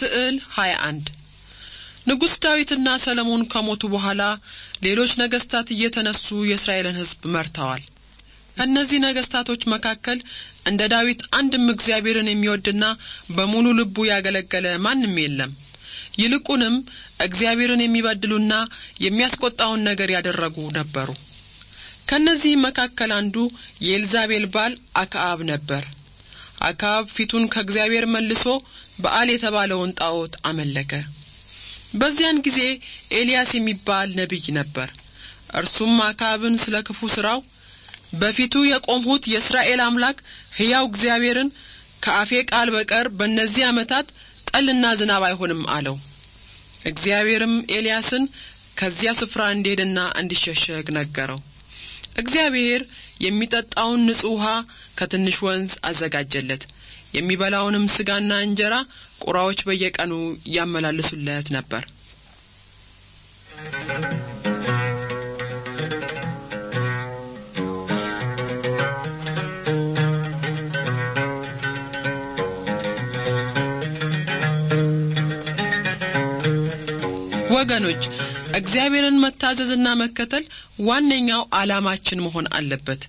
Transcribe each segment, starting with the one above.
ስዕል 21 ንጉሥ ዳዊትና ሰለሞን ከሞቱ በኋላ ሌሎች ነገሥታት እየተነሱ የእስራኤልን ሕዝብ መርተዋል። ከእነዚህ ነገሥታቶች መካከል እንደ ዳዊት አንድም እግዚአብሔርን የሚወድና በሙሉ ልቡ ያገለገለ ማንም የለም። ይልቁንም እግዚአብሔርን የሚበድሉና የሚያስቆጣውን ነገር ያደረጉ ነበሩ። ከእነዚህም መካከል አንዱ የኤልዛቤል ባል አክአብ ነበር። አካብ ፊቱን ከእግዚአብሔር መልሶ በዓል የተባለውን ጣዖት አመለከ። በዚያን ጊዜ ኤልያስ የሚባል ነቢይ ነበር። እርሱም አካብን ስለ ክፉ ስራው በፊቱ የቆምሁት የእስራኤል አምላክ ሕያው እግዚአብሔርን ከአፌ ቃል በቀር በእነዚህ ዓመታት ጠልና ዝናብ አይሆንም አለው። እግዚአብሔርም ኤልያስን ከዚያ ስፍራ እንዲሄድና እንዲሸሸግ ነገረው። እግዚአብሔር የሚጠጣውን ንጹሕ ውሃ ከትንሽ ወንዝ አዘጋጀለት። የሚበላውንም ስጋና እንጀራ ቁራዎች በየቀኑ ያመላልሱለት ነበር። ወገኖች እግዚአብሔርን መታዘዝና መከተል ዋነኛው ዓላማችን መሆን አለበት።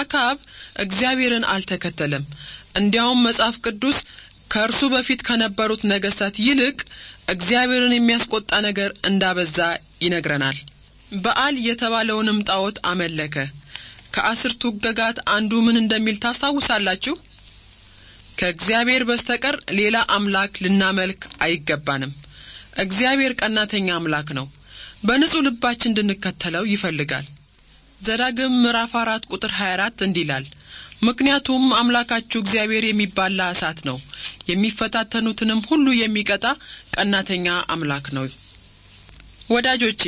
አካብ እግዚአብሔርን አልተከተለም። እንዲያውም መጽሐፍ ቅዱስ ከእርሱ በፊት ከነበሩት ነገሥታት ይልቅ እግዚአብሔርን የሚያስቆጣ ነገር እንዳበዛ ይነግረናል። በዓል የተባለውንም ጣዖት አመለከ። ከአስርቱ ሕግጋት አንዱ ምን እንደሚል ታስታውሳላችሁ? ከእግዚአብሔር በስተቀር ሌላ አምላክ ልናመልክ አይገባንም። እግዚአብሔር ቀናተኛ አምላክ ነው። በንጹህ ልባችን እንድንከተለው ይፈልጋል። ዘዳግም ምዕራፍ 4 ቁጥር 24 እንዲህ ይላል፣ ምክንያቱም አምላካችሁ እግዚአብሔር የሚባላ እሳት ነው፣ የሚፈታተኑትንም ሁሉ የሚቀጣ ቀናተኛ አምላክ ነው። ወዳጆቼ፣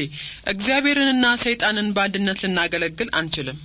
እግዚአብሔርንና ሰይጣንን በአንድነት ልናገለግል አንችልም።